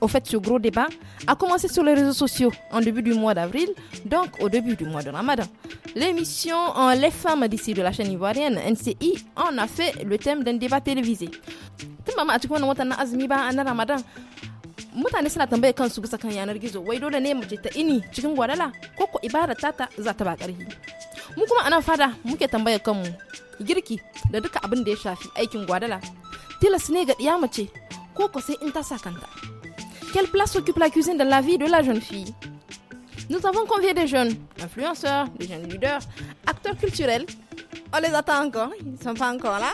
au fait ce gros débat a commencé sur les réseaux sociaux en début du mois d'avril, donc au début du mois de Ramadan. L'émission Les femmes d'ici de la chaîne ivoirienne NCI en a fait le thème d'un débat télévisé. mutane suna tambaye kansu bisa kan yanar gizo wai dole ne mace ta ini cikin gwadala ko ko ibada ta za ta ba karhi mu kuma anan fada muke tambayar kanmu girki da duka abin da ya shafi aikin gwadala tilas ne ga ɗiya mace ko ko sai in ta sa kanta quelle place occupe la cuisine dans la vie de la jeune fille Nous avons convié des jeunes influenceurs, des jeunes leaders, acteurs culturels. On les attend encore, ils ne sont pas encore là.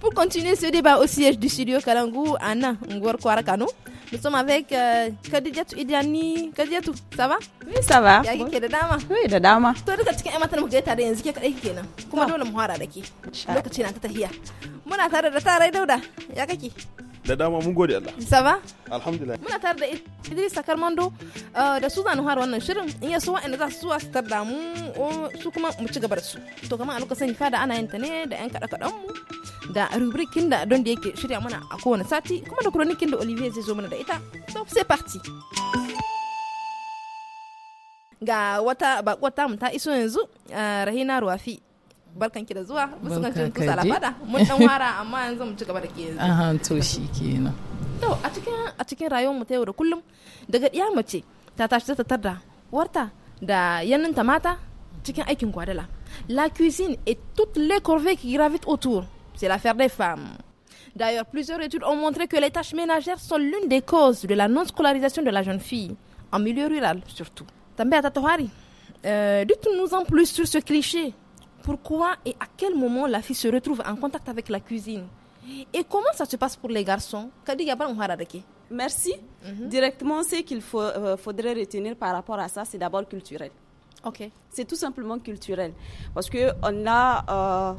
Pour continuer ce débat au siège du studio Kalangu, Anna Ngor Kwarakano, nous sommes avec euh, Kadidiatu Idiani. Kadidiatou, ça va Oui, ça va. Yaki bon. ke da dama? Oui, da dama. To daga cikin ƴan matan mu gaita da yanzu ke kadai kenan. Kuma dole mu fara da ke. Lokaci na ta tahiya. Muna tare da Tarai Ya kake? da dama mun gode Allah sa ba alhamdulillah muna tare da Idris Sakarmando uh, da zanu Har wannan shirin in yaso wa'anda za su zuwa su tarda mu su kuma mu ci gaba da su to kamar a lokacin fada ana yin ta ne da yan kada kadan mu da rubrikin da don da yake shirya mana a kowane sati kuma da kronikin da Olivier zai zo mana da ita so sai parti ga wata bakwata mu ta iso yanzu uh, Rahina Ruwafi la cuisine et toutes les corvées qui gravitent autour c'est l'affaire des femmes D'ailleurs, plusieurs études ont montré que les tâches ménagères sont l'une des causes de la non-scolarisation de la jeune fille, en milieu rural surtout. Euh, dites-nous en plus sur ce cliché pourquoi et à quel moment la fille se retrouve en contact avec la cuisine Et comment ça se passe pour les garçons Merci. Mhm. Directement, ce qu'il faut euh, faudrait retenir par rapport à ça, c'est d'abord culturel. Ok. C'est tout simplement culturel. Parce qu'on a, euh,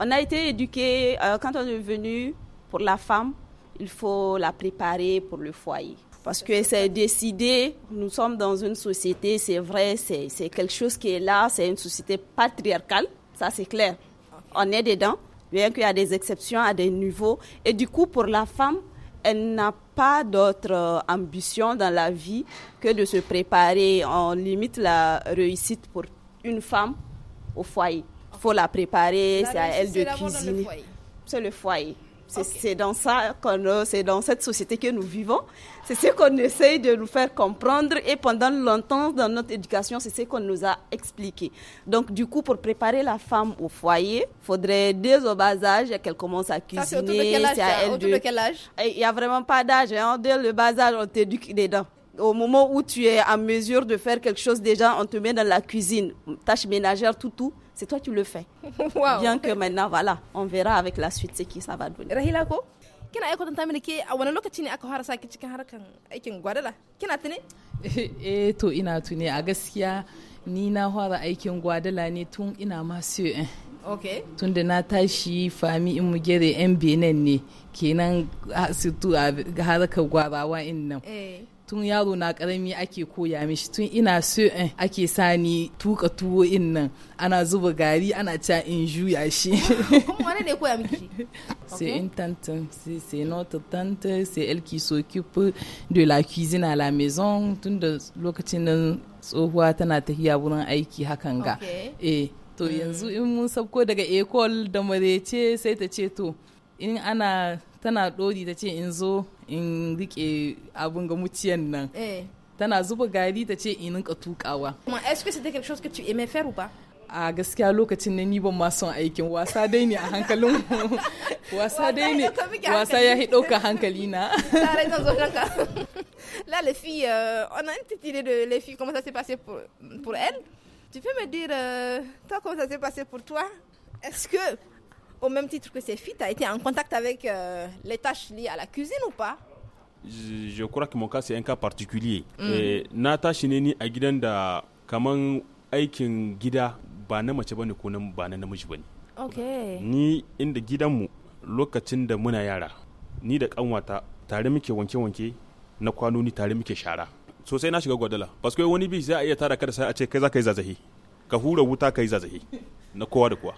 on a été éduqué, euh, quand on est venu pour la femme, il faut la préparer pour le foyer. Parce que c'est décidé, nous sommes dans une société, c'est vrai, c'est quelque chose qui est là, c'est une société patriarcale. Ça, c'est clair. On est dedans, bien qu'il y a des exceptions à des niveaux. Et du coup, pour la femme, elle n'a pas d'autre euh, ambition dans la vie que de se préparer. On limite la réussite pour une femme au foyer. Il faut la préparer, c'est à elle de cuisiner. C'est le foyer. C'est dans ça qu'on, euh, c'est dans cette société que nous vivons. C'est ce qu'on essaye de nous faire comprendre et pendant longtemps dans notre éducation, c'est ce qu'on nous a expliqué. Donc du coup, pour préparer la femme au foyer, faudrait dès au bas âge qu'elle commence à cuisiner. c'est autour de quel âge, Il n'y a vraiment pas d'âge. Hein? Dès le bas âge, on t'éduque dedans au moment où tu es en mesure de faire quelque chose déjà, on te met dans la cuisine, tâche ménagère, tout, tout. c'est toi qui le fais. wow. Bien que maintenant, voilà, on verra avec la suite ce qui ça va donner. Rahila ko kina aiko tanta mini ke a wani lokaci ne aka fara saki cikin harkan aikin gwadala kina tuni? Eh to ina tuni a gaskiya ni na fara aikin gwadala ne tun ina masu yin. E okay. Tun da na tashi fami in mugere 'yan benin ne kenan a harkar gwarawa in nan. Eh. tun yaro na karami ake koya mishi tun ina so in ake sani tuka tuwo in nan ana zuba gari ana ca in juya shi kuma wani ne koya miki c'est in tante c'est notre tante Se elle qui s'occupe de la cuisine à la maison tun da lokacin nan tsohuwa tana tafiya wurin aiki hakan ga eh to mm. yanzu in mun sabko daga ecole da marece sai ta ce to in ana tana dori ta ce in zo in rike abun ga muciyan nan eh. tana zuba gari ta ce in tukawa kuma est-ce que c'était quelque chose que tu aimais faire ou pas a gaskiya lokacin ne ni ban ma son aikin wasa dai ne a hankalin wasa dai ne wasa ya hi ɗauka hankali na là les filles euh, on a une petite idée de les filles comment ça s'est passé pour pour elles tu peux me dire euh, toi comment ça s'est passé pour toi est-ce que au même titre que ses filles, tu as été en contact avec euh, les tâches liées à la cuisine ou pas je, je crois que mon cas c'est un cas particulier. Mm. Na tashi ne ni a gidan da kaman aikin gida ba na mace bane ko ba na namiji bane. Okay. Ni inda gidanmu lokacin da muna yara ni da kanwata tare muke wanke-wanke na kwanoni tare muke shara. Sosai na shiga gwadala. Parce wani bi za a iya tara kada sai a ce kai za ka yi zazahi. Ka hura wuta ka yi zazahi na kowa da kowa.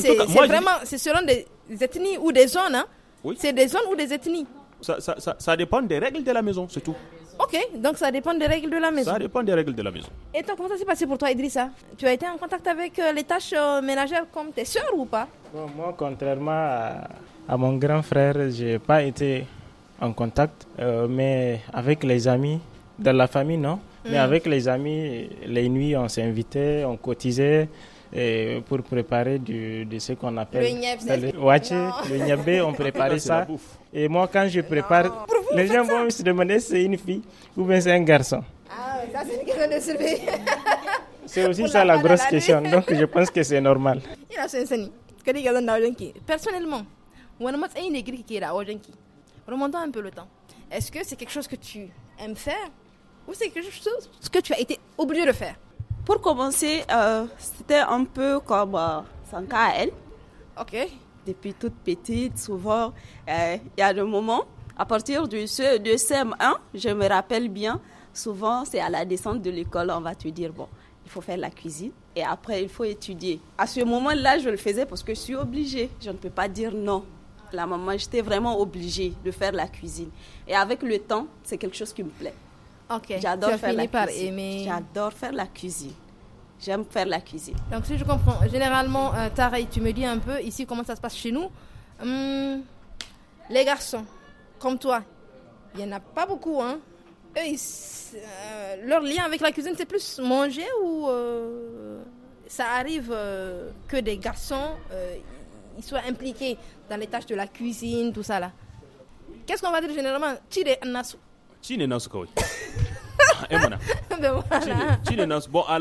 c'est vraiment, c'est selon des ethnies ou des zones. Hein. C'est des zones ou des ethnies. Ça, ça, ça, ça, dépend des règles de la maison, c'est tout. Ok, donc ça dépend des règles de la maison. Ça dépend des règles de la maison. Et toi, comment ça s'est passé pour toi, Idrissa Tu as été en contact avec euh, les tâches euh, ménagères comme tes soeurs ou pas Moi, contrairement à, mon grand frère, je n'ai pas été en contact, euh, mais avec les amis, dans la famille, non. Mais hmm. avec les amis, les nuits, on s'invitait, on cotisait pour préparer de ce qu'on appelle le niabé. Le, on préparait ah, ça. Et moi, quand je prépare, les gens vont se demander si c'est une fille ou bien c'est un garçon. Ah, ça c'est une question de survie. C'est aussi ça la, grosse question, donc je pense que c'est normal. Personnellement, remontons un peu le temps. Est-ce que c'est quelque chose que tu aimes faire ou c'est quelque chose que tu as été obligé de faire pour commencer, euh, c'était un peu comme euh, sans à elle. Ok. Depuis toute petite, souvent, euh, il y a des moments, à partir du de CM1, je me rappelle bien, souvent c'est à la descente de l'école, on va te dire, bon, il faut faire la cuisine et après il faut étudier. À ce moment-là, je le faisais parce que je suis obligée, je ne peux pas dire non. La maman, j'étais vraiment obligée de faire la cuisine. Et avec le temps, c'est quelque chose qui me plaît. Ok. J'adore faire la cuisine. Aimer... J'adore faire la cuisine. J'aime faire la cuisine. Donc si je comprends, généralement, euh, tu me dis un peu ici comment ça se passe chez nous. Hum, les garçons, comme toi, il n'y en a pas beaucoup, hein. Euh, leur lien avec la cuisine, c'est plus manger ou euh, ça arrive euh, que des garçons ils soient impliqués dans les tâches de la cuisine, tout ça là. Qu'est-ce qu'on va dire généralement Eh, bon à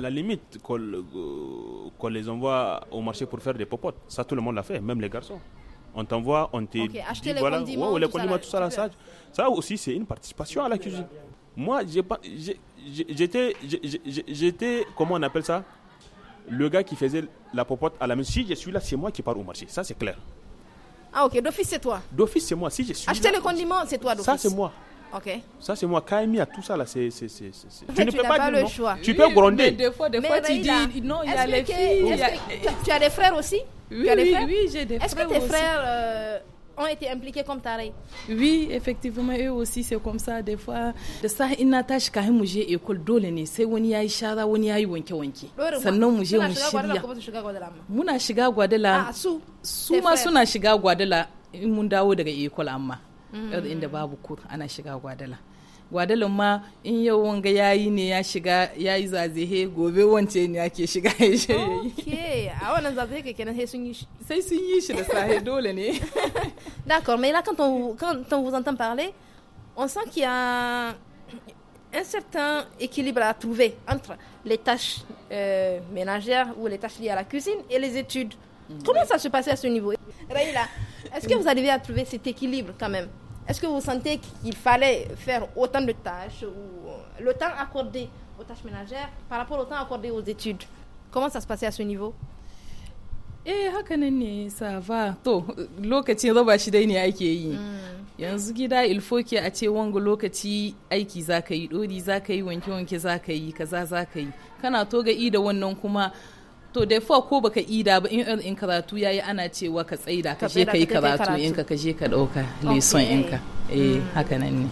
la limite qu'on les envoie au marché pour faire des popotes ça tout le monde l'a fait même les garçons on t'envoie on te dit voilà on les condiments tout ça ça aussi c'est une participation à la cuisine moi j'étais j'étais comment on appelle ça le gars qui faisait la popote à la maison si je suis là c'est moi qui pars au marché ça c'est clair ah ok, d'office c'est toi D'office c'est moi. Si je suis Acheter le les condiments, c'est toi d'office. Ça c'est moi. Ok. Ça, c'est moi. Kaimi a tout ça, là, c'est. Tu, tu ne peux pas, le choix. Tu peux gronder. des fois, des fois, tu dis non, il y a les filles. Tu as des frères aussi Oui, oui, j'ai des frères. Est-ce que tes frères. Euh, ont été impliqués comme Tarei. Oui, effectivement, eux aussi, c'est comme ça. Des fois, de ina tashi école dole ne sai wani yayi shara wani yayi Sannan shiga Ah, sou. il ma suna shiga mun école shiga a d'accord mais là quand on quand on vous entend parler on sent qu'il y a un certain équilibre à trouver entre les tâches euh, ménagères ou les tâches liées à la cuisine et les études. Mm. Comment ça se passait à ce niveau Raïla, est-ce que vous arrivez à trouver cet équilibre quand même est-ce que vous sentez qu'il fallait faire autant de tâches ou le temps accordé aux tâches ménagères par rapport au temps accordé aux études Comment ça se passait à ce niveau eh haka nan ça va. to lokacin raba shi dai ne ake yi hmm. yanzu gida ilfoki a ce wanga lokaci aiki za ka yi dodi za ka yi wanke-wanke za yi kaza za yi kana to i da wannan kuma to da ko baka ida ba in in karatu yayi ana cewa ka tsaida ka je ka karatu in ka je ka dauka lesson in eh hmm. haka nan ne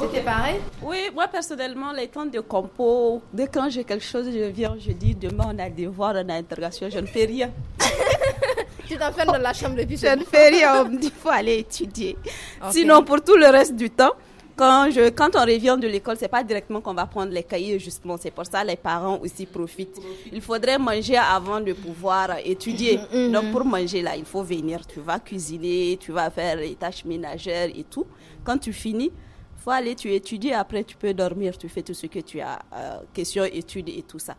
C'était pareil Oui, moi personnellement, les temps de compo, dès quand j'ai quelque chose, je viens, je dis demain on a des devoir, on a interrogation, je ne fais rien. tu t'enfermes dans la chambre depuis Je ne fais rien, il faut aller étudier. Sinon, pour tout le reste du temps, quand, on revient de l'école, ce n'est pas directement qu'on va prendre les cahiers, justement. C'est pour ça que les parents aussi profitent. Il faudrait manger avant de pouvoir étudier. Mm-hmm, mm-hmm. Donc, pour manger, là, il faut venir. Tu vas cuisiner, tu vas faire les tâches ménagères et tout. Quand tu finis, il faut aller, tu étudies. Après, tu peux dormir. Tu fais tout ce que tu as, euh, question études et tout ça.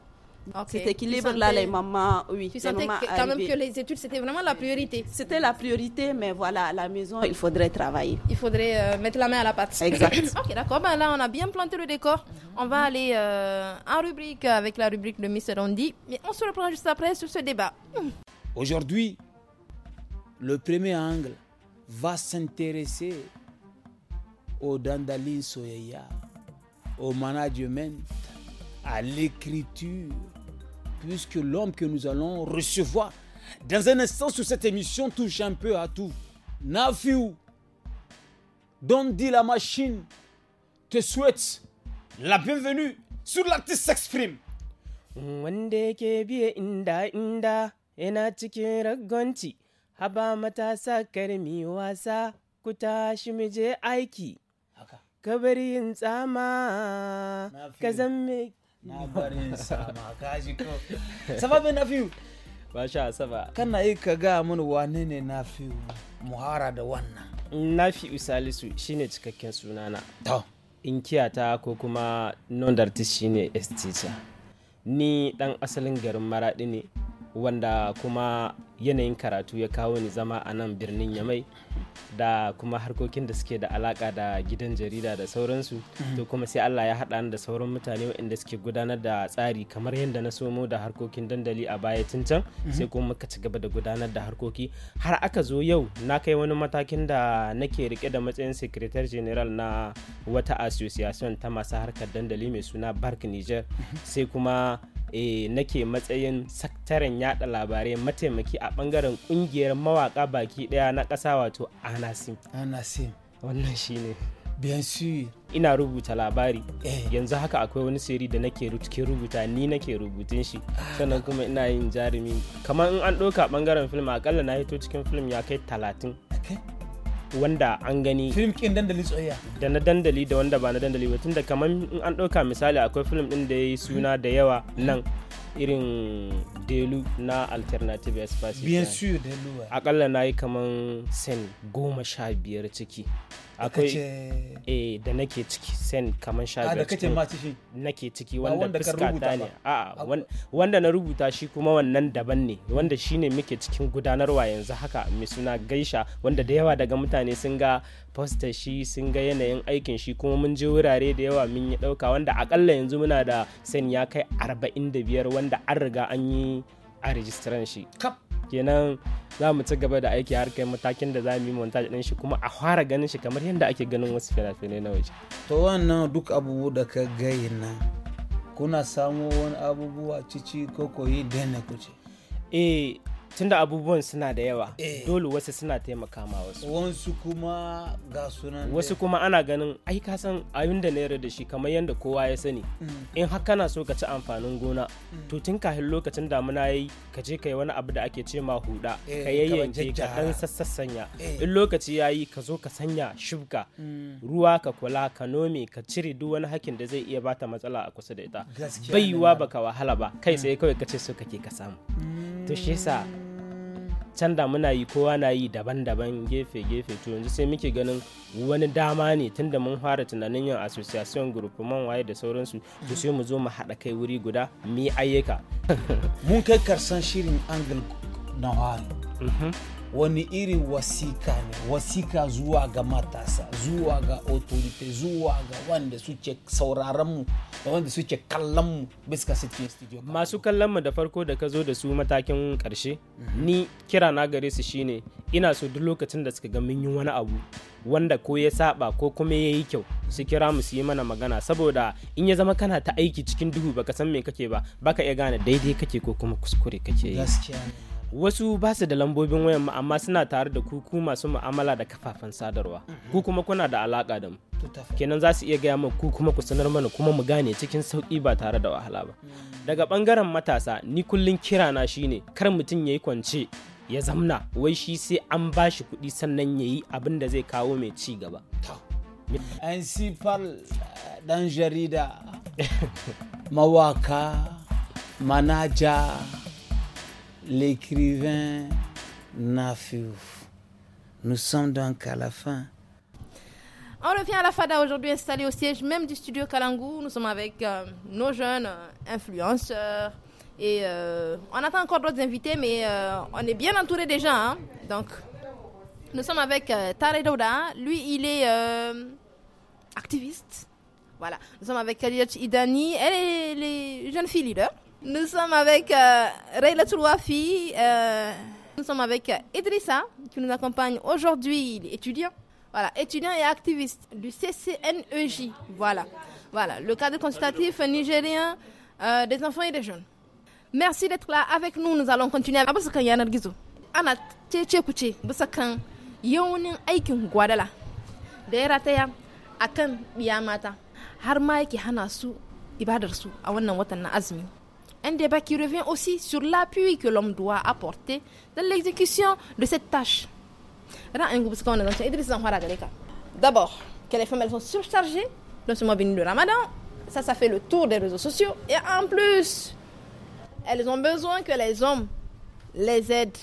Cet équilibre-là, les mamans, oui. Tu sentais que, quand même que les études, c'était vraiment la priorité. C'était la priorité, mais voilà, à la maison, il faudrait travailler. Il faudrait euh, mettre la main à la pâte. Exact. ok, d'accord. Ben là, on a bien planté le décor. On va aller euh, en rubrique avec la rubrique de Miss Rondi. Mais on se reprend juste après sur ce débat. Aujourd'hui, le premier angle va s'intéresser au dandalisme au management, à l'écriture, plus que l'homme que nous allons recevoir dans un instant sur cette émission touche un peu à tout. Nafiu, dont dit la machine, te souhaite la bienvenue sur l'artiste s'exprime. Wanda na barin sama kaji ko kana yi ka ga mun wane ne nafiu muhara da wannan nafiu salisu shine cikakken sunana to inkiyata ko kuma non shine estita ni ɗan asalin garin maraɗi ne wanda kuma yanayin karatu ya kawo ni zama a nan birnin yamai da kuma harkokin da suke da alaka da gidan jarida da sauransu mm-hmm. to kuma sai allah ya haɗa da sauran mutane waɗanda suke gudanar da tsari kamar yadda na somo da harkokin dandali a baya tun can mm-hmm. sai kuma muka ci gaba da gudanar da harkoki har aka zo yau na kai wani matakin da nake rike da matsayin secretary general na wata association ta masu harkar dandali mai suna bark niger mm-hmm. sai kuma e, nake matsayin sakataren yada labarai mataimaki a bangaren kungiyar mawaka baki daya na kasa wato anasim anasim wannan shine bien ina rubuta labari eh. yanzu haka akwai wani siri da nake ke rubuta ni nake rubutun shi sannan kuma ina yin jarumi kamar in an ɗauka bangaren film akalla na hito cikin film ya kai talatin wanda an gani film kin dandali tsoyayya da na dandali da wanda ba na dandali ba tunda kaman in an ɗauka misali akwai film ɗin da ya yi suna da yawa nan irin delu na alternative espace bien sûr delu akalla na yi kaman sen goma sha biyar ciki akwai eh, da nake ciki sen ah, da sha ma ciki nake ciki wanda ta ne a wanda na rubuta shi kuma wannan daban ne wanda shine muke cikin gudanarwa yanzu haka mai suna gaisha wanda da yawa daga mutane sun ga poster shi sun ga yanayin aikin shi kuma mun je wurare da yawa mun yi dauka wanda akalla yanzu muna da sen ya kai 45 wanda an riga an yi a rijistiran shi kenan za mu ci gaba da aiki har kai matakin da za mu yi montage din shi kuma a fara ganin shi kamar yadda ake ganin wasu fina-finai na waje to wannan duk abubu da ka gayi na kuna samo wani abubuwa cici ko koyi da kuce eh tunda abubuwan suna da yawa eh. dole wasu suna taimaka ma wasu wasu kuma ga sunan wasu kuma ana ganin ai ka san abin da na yarda da shi kamar yadda kowa ya sani mm. in har kana so ka ci amfanin gona mm. to tun kafin lokacin damuna yayi ka je kai wani abu da ake ce ma huda eh, ka yayyanke ka dan sassanya eh. in lokaci yayi ka zo ka sanya shibka mm. ruwa ka kula ka nome ka cire duk wani hakin da zai iya bata matsala a kusa da ita bai baka wahala ba kai sai kawai ka ce so kake ka samu to shi yasa can da muna yi kowa na yi daban-daban gefe-gefe to yanzu sai muke ganin wani dama ne tunda mun fara tunanin yin association group man waye da sauransu to sai mu zo mu haɗa kai wuri guda mu yi ayyuka mun kai karsan shirin angle na wari wani irin wasika ne wasika zuwa ga matasa zuwa ga otorite zuwa ga wanda suke sauraronmu da wanda suke kallonmu biska city studio masu kallonmu da farko da ka zo da su matakin karshe ni kira na gare su shine ina so duk lokacin da suka ga mun yi wani abu wanda ko ya saba ko kuma ya yi kyau su kira mu su yi mana magana saboda in ya zama kana ta aiki cikin duhu baka san me kake ba baka iya gane daidai kake ko kuma kuskure kake yi wasu ba su da lambobin wayan mu amma suna tare da kuku masu mu'amala da kafafen sadarwa ku mm-hmm. kuma kuna da alaka da mu kenan za su iya gaya min ku kuma ku sanar mana kuma mu gane cikin sauki ba tare da wahala ba mm. daga bangaren matasa ni kullun kira na shine kar mutum yayi kwance ya zamna wai shi sai an bashi kuɗi sannan yayi abin da zai kawo mai ci gaba an sifar dan jarida mawaka manaja l'écrivain Nafiouf. Nous sommes donc à la fin. On revient à la FADA aujourd'hui installé au siège même du studio Kalangou. Nous sommes avec euh, nos jeunes euh, influenceurs et euh, on attend encore d'autres invités, mais on est bien entouré déjà. gens. Hein. Donc, nous sommes avec Tare Douda. Lui, il est activiste. Voilà. Nous sommes avec Kadiach Idani. Elle est les jeunes filles leaders. Nous sommes avec euh, Rayla Tourouafi, euh, nous sommes avec Idrissa qui nous accompagne aujourd'hui, il est étudiant. Voilà, étudiant et activiste du CCNEJ. Voilà, voilà le cadre consultatif nigérien euh, des enfants et des jeunes. Merci d'être là avec nous. Nous allons continuer avec Basakan Yanar Gizo. Ana Tcheche Kuche, Basakan Yonin Aikin Guadala. Daira Taya, Akan Biyamata. Har ma yake hana su ibadar su a wannan watan na azumi. Un débat qui revient aussi sur l'appui que l'homme doit apporter dans l'exécution de cette tâche. D'abord, que les femmes elles sont surchargées dans mois de Ramadan. Ça, ça fait le tour des réseaux sociaux. Et en plus, elles ont besoin que les hommes les aident,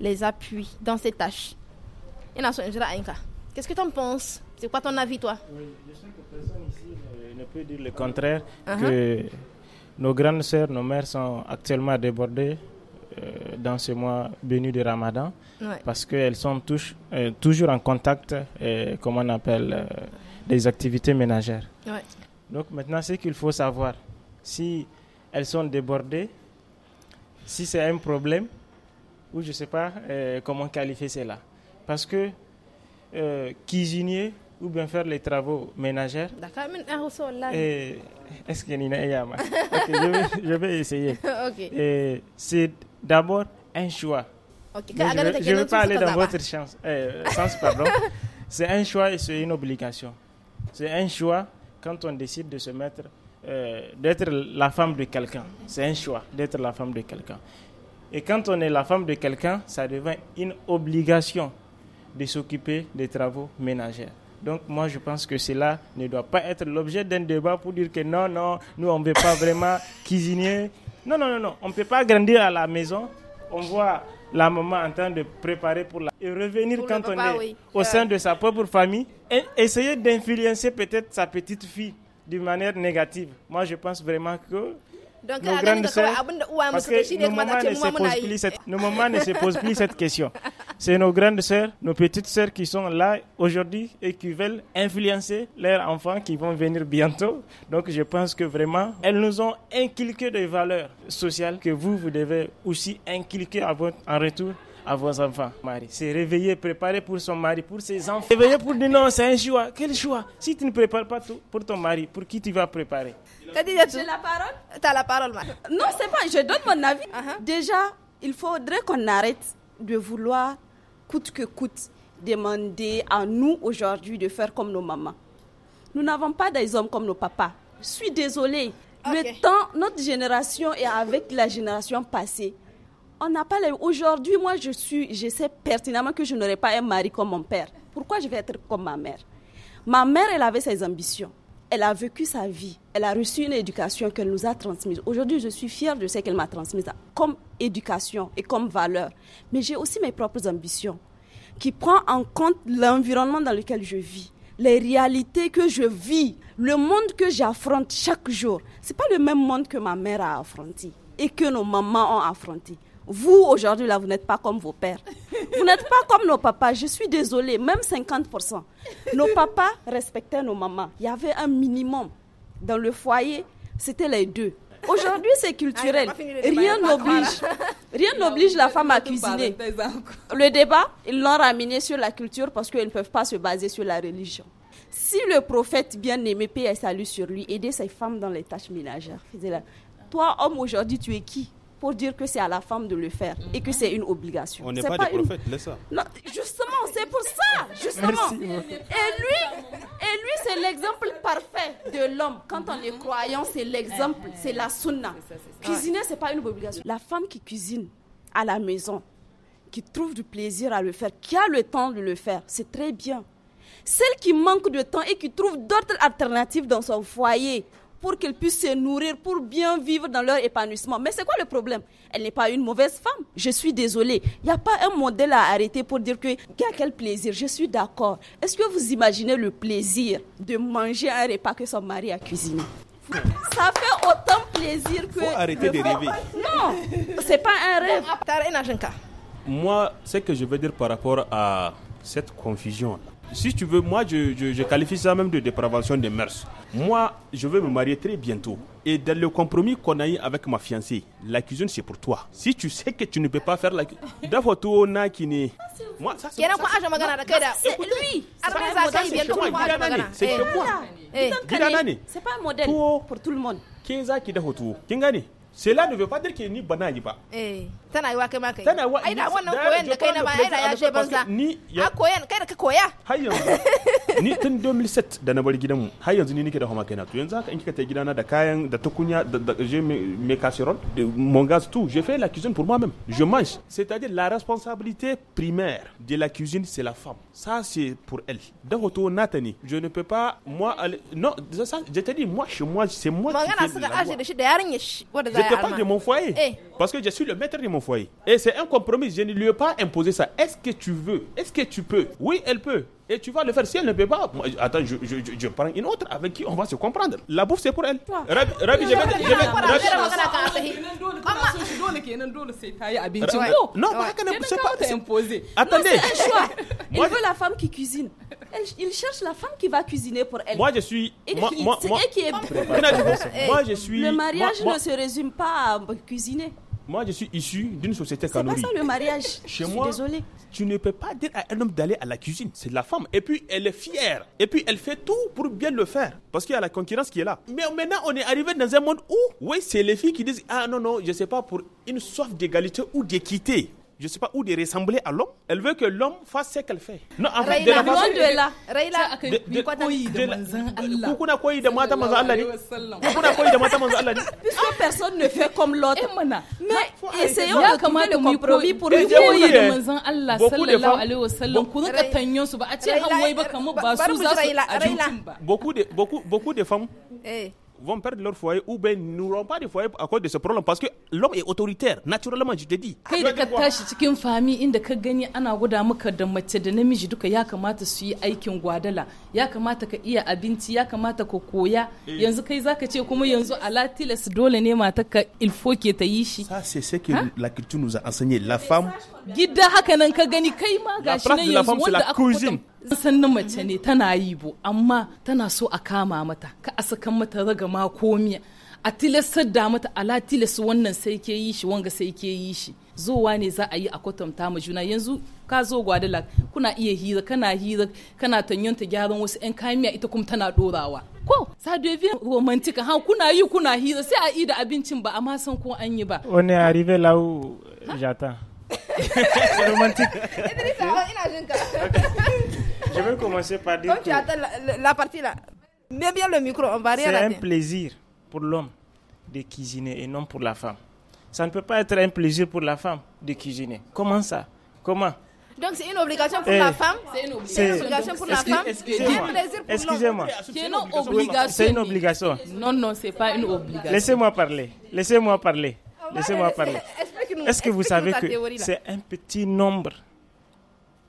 les appuient dans ces tâches. Qu'est-ce que tu en penses C'est quoi ton avis, toi Oui, je sais que personne ici ne peut dire le contraire. Uh-huh. que nos grandes sœurs, nos mères sont actuellement débordées euh, dans ce mois béni de Ramadan parce qu'elles sont euh, toujours en contact, euh, comme on appelle, des activités ménagères. Donc maintenant, ce qu'il faut savoir, si elles sont débordées, si c'est un problème, ou je ne sais pas comment qualifier cela. Parce que cuisinier, ou bien faire les travaux ménagères. Est-ce je, vais, je vais essayer. C'est d'abord un choix. je ne vais, pas aller dans votre chance, euh, sens. c'est un choix et c'est une obligation. C'est un choix quand on décide de se mettre, euh, d'être la femme de quelqu'un. C'est un choix d'être la femme de quelqu'un. Et quand on est la femme de quelqu'un, ça devient une obligation de s'occuper des travaux ménagères. Donc moi, je pense que cela ne doit pas être l'objet d'un débat pour dire que non, non, nous, on ne veut pas vraiment cuisiner. Non, non, non, non. On ne peut pas grandir à la maison. On voit la maman en train de préparer pour la... Et revenir quand on est au euh. sein de sa propre famille et essayer d'influencer peut-être sa petite fille d'une manière négative. Moi, je pense vraiment que donc, nos grandes parce que se nos mamans ne se posent plus cette question. c'est nos grandes sœurs, nos petites sœurs qui sont là aujourd'hui et qui veulent influencer leurs enfants qui vont venir bientôt. Donc je pense que vraiment, elles nous ont inculqué des valeurs sociales que vous, vous devez aussi inculquer à votre, en retour à vos enfants. Marie, c'est réveiller, préparer pour son mari, pour ses enfants. Réveiller pour dire non, c'est un choix. Quel choix Si tu ne prépares pas tout pour ton mari, pour qui tu vas préparer j'ai la parole as la parole, Marie. Non, c'est pas, je donne mon avis. Uh-huh. Déjà, il faudrait qu'on arrête de vouloir coûte que coûte, demander à nous aujourd'hui de faire comme nos mamans. Nous n'avons pas des hommes comme nos papas. Je suis désolée. mais Le temps, notre génération et avec la génération passée. On n'a pas Aujourd'hui, moi, je suis, je sais pertinemment que je n'aurai pas un mari comme mon père. Pourquoi je vais être comme ma mère Ma mère, elle avait ses ambitions. Elle a vécu sa vie. Elle a reçu une éducation qu'elle nous a transmise. Aujourd'hui, je suis fière de ce qu'elle m'a transmise comme éducation et comme valeur. Mais j'ai aussi mes propres ambitions qui prend en compte l'environnement dans lequel je vis, les réalités que je vis, le monde que j'affronte chaque jour. Ce n'est pas le même monde que ma mère a affronté et que nos mamans ont affronté. Vous, aujourd'hui, là, vous n'êtes pas comme vos pères. Vous n'êtes pas comme nos papas. Je suis désolée, même 50%. Nos papas respectaient nos mamans. Il y avait un minimum. Dans le foyer, c'était les deux. Aujourd'hui, c'est culturel. Ah, Rien n'oblige. la femme à cuisiner. Le débat, ils l'ont ramené sur la culture parce qu'ils ne peuvent pas se baser sur la religion. Si le prophète bien-aimé, paix et salut sur lui, aider ses femmes dans les tâches ménagères, toi, homme, aujourd'hui, tu es qui pour dire que c'est à la femme de le faire et que c'est une obligation. On n'est pas, des prophètes, laisse ça. Non, justement, c'est pour ça, justement. et lui, et lui c'est l'exemple parfait de l'homme. Quand on est croyant, c'est l'exemple, c'est la sunna. Cuisiner, c'est pas une obligation. La femme qui cuisine à la maison, qui trouve du plaisir à le faire, qui a le temps de le faire, c'est très bien. Celle qui manque de temps et qui trouve d'autres alternatives dans son foyer pour qu'elle puissent se nourrir, pour bien vivre dans leur épanouissement. Mais c'est quoi le problème Elle n'est pas une mauvaise femme. Je suis désolée. Il n'y a pas un modèle à arrêter pour dire que, quel plaisir, je suis d'accord. Est-ce que vous imaginez le plaisir de manger un repas que son mari a cuisiné ça fait autant plaisir que. arrêter de rêver. Non, c'est pas un rêve. Moi, ce que je veux dire par rapport à cette confusion, si tu veux, moi, je, qualifie ça même de dépravation des mœurs. Moi, je vais me marier très bientôt. Et dans le compromis qu'on a eu avec ma fiancée, la cuisine, c'est pour toi. Si tu sais que tu ne peux pas faire la cuisine... qui Moi, c'est... C'est eh. Eh. C'est pas un modèle pour tout le monde. qui est cela ne veut pas dire qu'il ni ne Eh, tana kai ma kai. Ai da wannan koyon da kai na je Ni koyon kai da Ni 2007 da pas ni ne da pas. Je To yanzu pas. in kika gidana mon gaz tout, je fait la cuisine pour moi-même. Je mange. C'est-à-dire la responsabilité primaire de la cuisine c'est la femme. Ça c'est pour elle. Da hoto Je ne peux pas moi non, ça, je te dis moi chez moi c'est moi je te parle de mon foyer. Eh. Parce que je suis le maître de mon foyer. Et c'est un compromis. Je ne lui ai pas imposé ça. Est-ce que tu veux Est-ce que tu peux Oui, elle peut et tu vas le faire. Si elle ne peut pas, attends, je, je, je, prends une autre avec qui on va se comprendre. La bouffe, c'est pour elle. Rabi, pas. Attendez. un choix. Il veut la femme qui cuisine. il cherche la femme qui va cuisiner pour elle. Moi, je suis. moi, Moi, je suis. Le mariage ne se résume pas à cuisiner. Moi, je suis issu d'une société canonique. C'est pas ça le mariage. Chez moi, tu ne peux pas dire à un homme d'aller à la cuisine. C'est de la femme. Et puis, elle est fière. Et puis, elle fait tout pour bien le faire. Parce qu'il y a la concurrence qui est là. Mais maintenant, on est arrivé dans un monde où, oui, c'est les filles qui disent Ah non, non, je sais pas, pour une soif d'égalité ou d'équité je ne sais pas, où de ressembler à l'homme. Elle veut que l'homme fasse ce qu'elle fait. Non, en fait, de la de quoi de de personne ne fait comme l'autre. Eh, essayons de trouver le compromis pour lui. Beaucoup de, beaucoup, beaucoup de femmes. Eh vont perdre leur foyer ou bien n'aurons pas de foyer à cause de ce problème parce que l'homme est autoritaire, naturellement, je te dis. ça, c'est ce que hein? la culture nous a enseigné. La femme gida haka nan ka gani kai ma shi nan yanzu wanda aka kusan sannan mace ne tana yi bo amma tana so a kama mata ka a sakan mata raga ma komiya a tilastar da mata ala tilas wannan sai ke yi shi wanga sai ke yi shi zowa ne za a yi a kwatanta ma juna yanzu ka zo gwadala kuna iya hira kana hira kana tanyanta gyaran wasu 'yan kamiya ita kuma tana dorawa ko sadovin romantika ha kuna yi kuna hira sai a yi da abincin ba a ma san ko an yi ba wani arrive lau jata romantique. Je vais commencer par dire. Comme tu attends la, partie là, mets bien le micro, on va rien C'est un plaisir pour l'homme de cuisiner et non pour la femme. Ça ne peut pas être un plaisir pour la femme de cuisiner. Comment ça Comment donc c'est une obligation pour eh, la femme. C'est une obligation, pour la femme. C'est un plaisir pour Excusez-moi. C'est une obligation. Non, non, c'est pas une obligation. Laissez-moi parler. Laissez-moi parler. Ah Laissez-moi parler. Est-ce que vous savez que c'est un petit nombre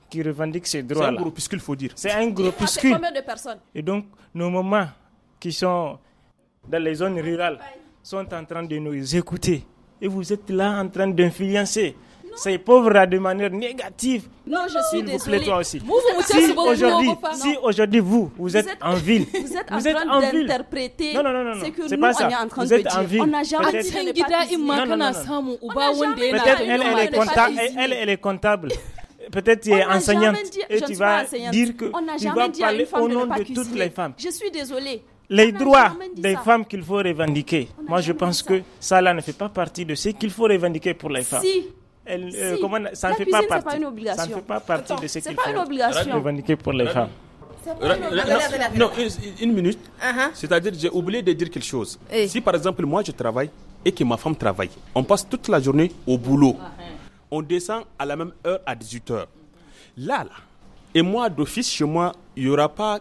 qui revendique ces droits-là C'est un groupuscule, faut dire. C'est un groupuscule. combien personnes Et donc, nos mamans qui sont dans les zones rurales sont en train de nous écouter. Et vous êtes là en train d'influencer c'est pauvre de manière négative. Non, je suis vous toi aussi. si aujourd'hui, si aujourd'hui vous, vous êtes, en ville. Vous êtes en en vous êtes En ville. Peut-être elle, est comptable. Peut-être tu es enseignante et tu vas dire que tu vas parler au nom de toutes les femmes. Je suis désolée les droits des femmes qu'il faut revendiquer. Moi, je pense que ça ne fait pas partie de ce qu'il faut revendiquer pour les femmes. Si euh, comment, ça ne fait pas partie. une Ça ne fait pas partie de ce qu'il faut obligation. revendiquer pour les femmes. Non, une, minute. Uh-huh. C'est-à-dire, j'ai oublié de dire quelque chose. Eh. si par exemple, moi je travaille et que ma femme travaille, on passe toute la journée au boulot. Ah, hein. On descend à la même heure à 18h. Là, là, et moi d'office chez moi, il y aura pas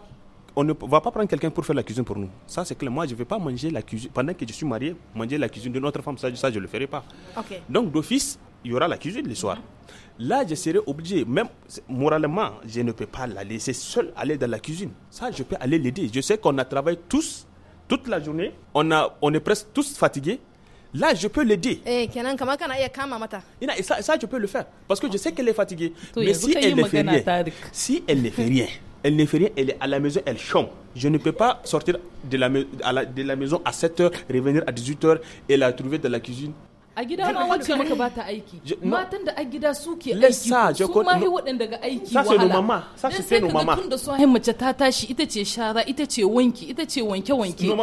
on ne va pas prendre quelqu'un pour faire la cuisine pour nous. Ça, c'est que Moi, je ne vais pas manger la cuisine. Pendant que je suis marié, manger la cuisine de notre femme, ça, ça je ne le ferai pas. Donc, d'office, il y aura cuisine le soir. Là, je serai obligé, même moralement, je ne peux pas la laisser seule aller dans la cuisine. Ça, je peux aller l'aider. Je sais qu'on a travaillé tous, toute la journée. On, a, on est presque tous fatigués. Là, je peux l'aider. Eh, ça, ça, je peux le faire. Parce que je sais qu'elle est fatiguée. Mais si elle ne fait rien, si elle ne fait rien, elle est à la maison, elle chante. Je ne peux pas sortir de la, de la maison à 7h, revenir à 18h et la trouver dans la cuisine a gida ma wacce muka aiki a gida aiki aiki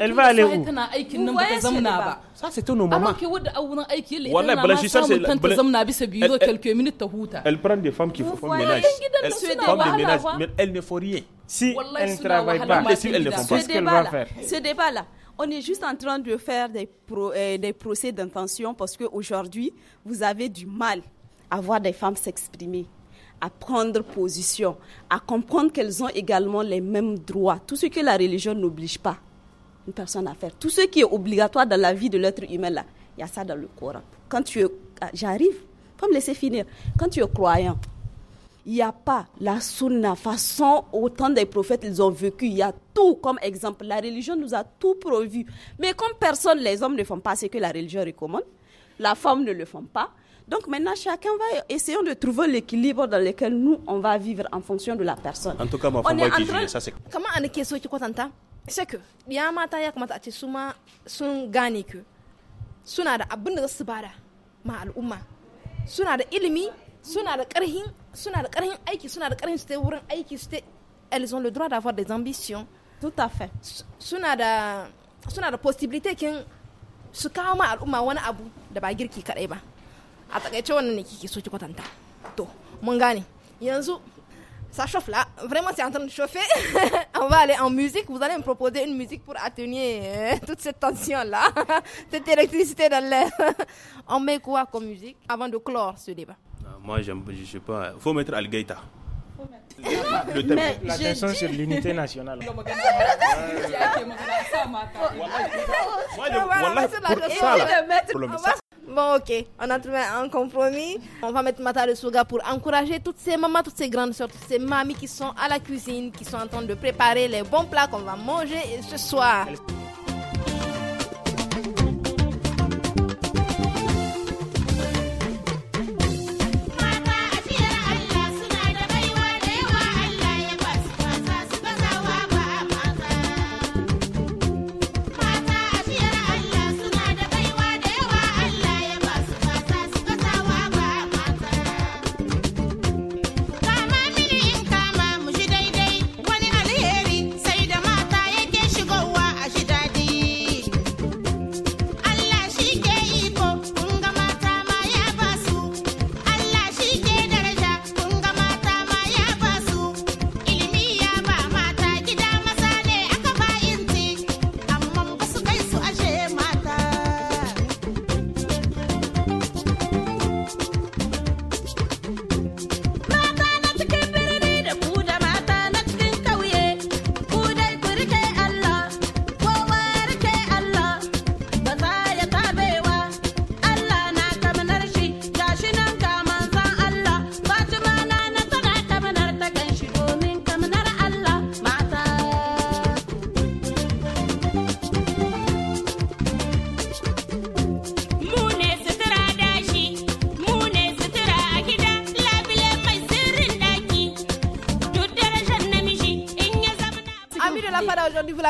elle va aller où ça c'est tous nos mamans. elle prend des femmes qui font elle ne faut rien si elle travaille pas elle ce qu'elle va faire c'est débat là on est juste en train de faire des, euh, procès d'intention parce qu'aujourd'hui, vous avez du mal à voir des femmes s'exprimer à prendre position, à comprendre qu'elles ont également les mêmes droits, tout ce que la religion n'oblige pas une personne à faire. Tout ce qui est obligatoire dans la vie de l'être humain, là, il y a ça dans le Coran. Quand tu es, ah, j'arrive, pas me laisser finir. Quand tu es croyant, il n'y a pas la sunna, façon autant des prophètes, ils ont vécu, il y a tout comme exemple. La religion nous a tout prévu. Mais comme personne, les hommes ne font pas ce que la religion recommande, la femme ne le font pas. Donc maintenant, chacun va essayer de trouver l'équilibre dans lequel nous, on va vivre en fonction de la personne. En tout cas, ma femme va train... ça c'est... Comment on est question qui contente C'est que, il y a un matin, il y a un matin, suma sun gane que suna da abin da su bada ma al'umma suna da ilimi suna da suna da aiki suna da aiki elles ont le droit d'avoir des ambitions tout à fait suna da suna da possibilité kin su ma al'umma abu da a wannan ne kike so yanzu ça chauffe là. Vraiment, c'est en train de chauffer. on va aller en musique. Vous allez me proposer une musique pour atténuer euh, toute cette tension-là, cette électricité dans l'air. on met quoi comme musique avant de clore ce débat moi, j'aime, je sais pas. Il faut mettre al la L'attention sur l'unité nationale. Bon, ok, on a trouvé un compromis. On va mettre Mata le Souga pour encourager toutes ces mamans, toutes ces grandes soeurs, toutes ces mamies qui sont à la cuisine, qui sont en train de préparer les bons plats qu'on va manger ce soir.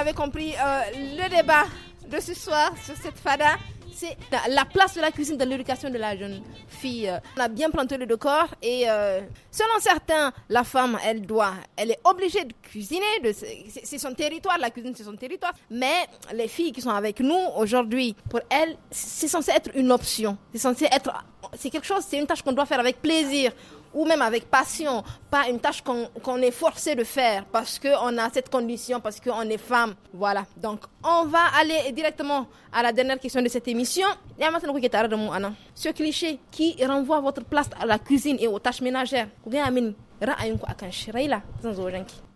J'avais compris, euh, le débat de ce soir sur cette fada, c'est la place de la cuisine dans l'éducation de la jeune fille. On a bien planté le décor et euh, selon certains, la femme, elle doit, elle est obligée de cuisiner. De, c'est son territoire, la cuisine, c'est son territoire. Mais les filles qui sont avec nous aujourd'hui, pour elles, c'est censé être une option. C'est censé être, c'est quelque chose, c'est une tâche qu'on doit faire avec plaisir ou même avec passion, pas une tâche qu'on est forcé de faire parce qu'on a cette condition, parce qu'on est femme. Voilà. Donc, on va aller directement à la dernière question de cette émission. Ce cliché qui renvoie votre place à la cuisine et aux tâches ménagères.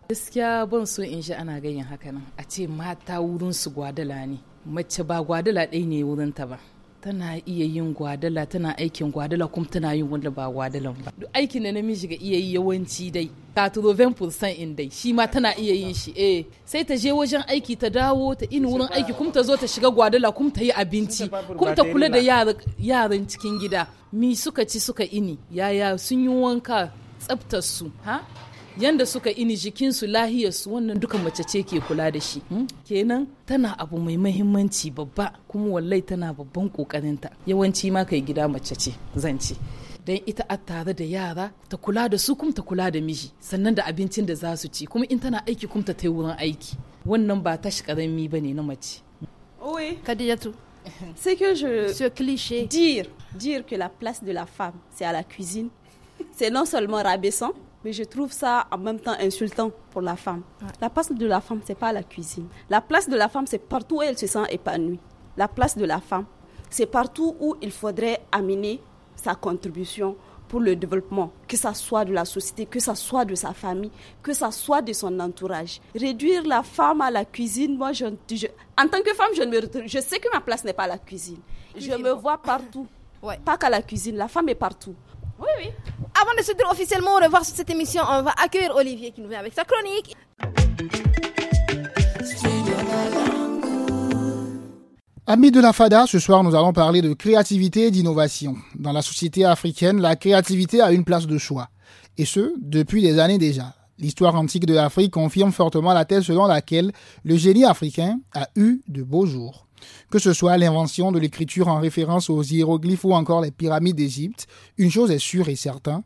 gaskiya ban so in ji ana haka nan a ce mata wurin su gwadala ne mace ba gwadala ɗaya ne wurinta ba tana iya yin gwadala tana aikin gwadala kuma tana yin wanda ba gwadalan ba duk aikin da namiji ga iya yi yawanci dai ka turo san in dai shi ma tana iya yin shi eh sai ta je wajen aiki ta dawo ta in wurin aiki kuma ta zo ta shiga gwadala kuma ta yi abinci kuma ta kula da yaran cikin gida mi suka ci suka ini yaya sun yi wanka tsaftar su ha yanda suka ini jikinsu lahiyarsu wannan duka mace ce ke kula da shi hmm? kenan tana abu mai mahimmanci babba kuma wallai tana babban kokarinta yawanci ma kai gida mace ce zance ce don ita a tare da yara ta kula da su kuma ta kula da miji sannan da abincin da za su ci kuma in tana aiki kuma ta tai wurin aiki wannan ba tashi karami ba ne na mace. Oui. Kadiyatu. C'est que je. Ce cliché. Dire, dire que la place de la femme, c'est à la cuisine, c'est non seulement rabaissant, Mais je trouve ça en même temps insultant pour la femme. La place de la femme, c'est pas la cuisine. La place de la femme, c'est partout où elle se sent épanouie. La place de la femme, c'est partout où il faudrait amener sa contribution pour le développement, que ça soit de la société, que ça soit de sa famille, que ça soit de son entourage. Réduire la femme à la cuisine, moi, je, en tant que femme, je, je sais que ma place n'est pas à la cuisine. je me vois partout. Pas qu'à la cuisine, la femme est partout. Oui, oui. Avant de se dire officiellement au revoir sur cette émission, on va accueillir Olivier qui nous vient avec sa chronique. Amis de la FADA, ce soir nous allons parler de créativité et d'innovation. Dans la société africaine, la créativité a une place de choix. Et ce, depuis des années déjà. L'histoire antique de l'Afrique confirme fortement la thèse selon laquelle le génie africain a eu de beaux jours. Que ce soit l'invention de l'écriture en référence aux hiéroglyphes ou encore les pyramides d'Égypte, une chose est sûre et certaine,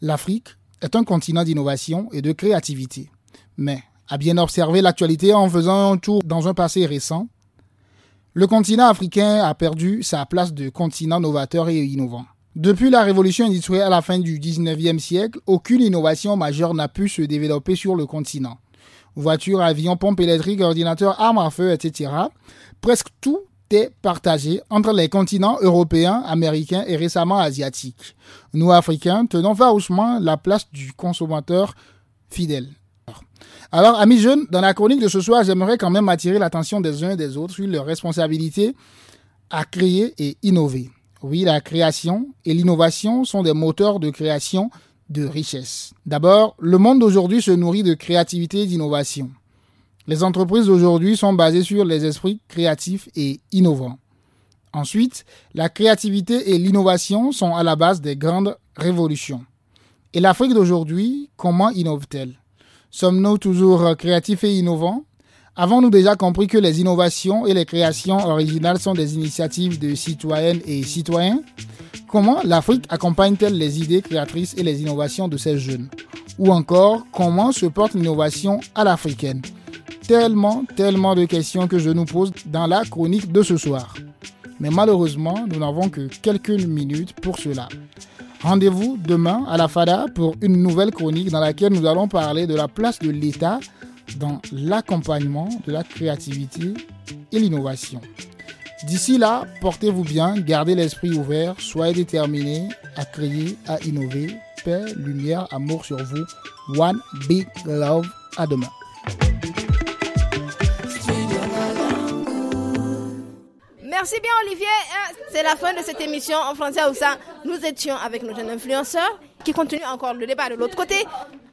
l'Afrique est un continent d'innovation et de créativité. Mais, à bien observer l'actualité en faisant un tour dans un passé récent, le continent africain a perdu sa place de continent novateur et innovant. Depuis la révolution industrielle à la fin du 19e siècle, aucune innovation majeure n'a pu se développer sur le continent voitures, avions, pompes électriques, ordinateurs, armes à feu, etc. Presque tout est partagé entre les continents européens, américains et récemment asiatiques. Nous, Africains, tenons farouchement la place du consommateur fidèle. Alors, amis jeunes, dans la chronique de ce soir, j'aimerais quand même attirer l'attention des uns et des autres sur leur responsabilité à créer et innover. Oui, la création et l'innovation sont des moteurs de création de richesse. D'abord, le monde d'aujourd'hui se nourrit de créativité et d'innovation. Les entreprises d'aujourd'hui sont basées sur les esprits créatifs et innovants. Ensuite, la créativité et l'innovation sont à la base des grandes révolutions. Et l'Afrique d'aujourd'hui, comment innove-t-elle Sommes-nous toujours créatifs et innovants Avons-nous déjà compris que les innovations et les créations originales sont des initiatives de citoyennes et citoyens Comment l'Afrique accompagne-t-elle les idées créatrices et les innovations de ces jeunes Ou encore, comment se porte l'innovation à l'africaine Tellement, tellement de questions que je nous pose dans la chronique de ce soir. Mais malheureusement, nous n'avons que quelques minutes pour cela. Rendez-vous demain à la FADA pour une nouvelle chronique dans laquelle nous allons parler de la place de l'État dans l'accompagnement de la créativité et l'innovation. D'ici là, portez-vous bien, gardez l'esprit ouvert, soyez déterminés à créer, à innover. Paix, lumière, amour sur vous. One big love. À demain. Merci bien Olivier. C'est la fin de cette émission en français où ça. Nous étions avec nos jeunes influenceurs qui continuent encore le débat de l'autre côté.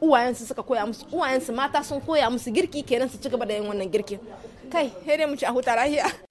uwayensu suka koya musu uwayensu mata sun koya musu girki kenan su ci gaba da yin wannan girkin kai here mu ci a huta lafiya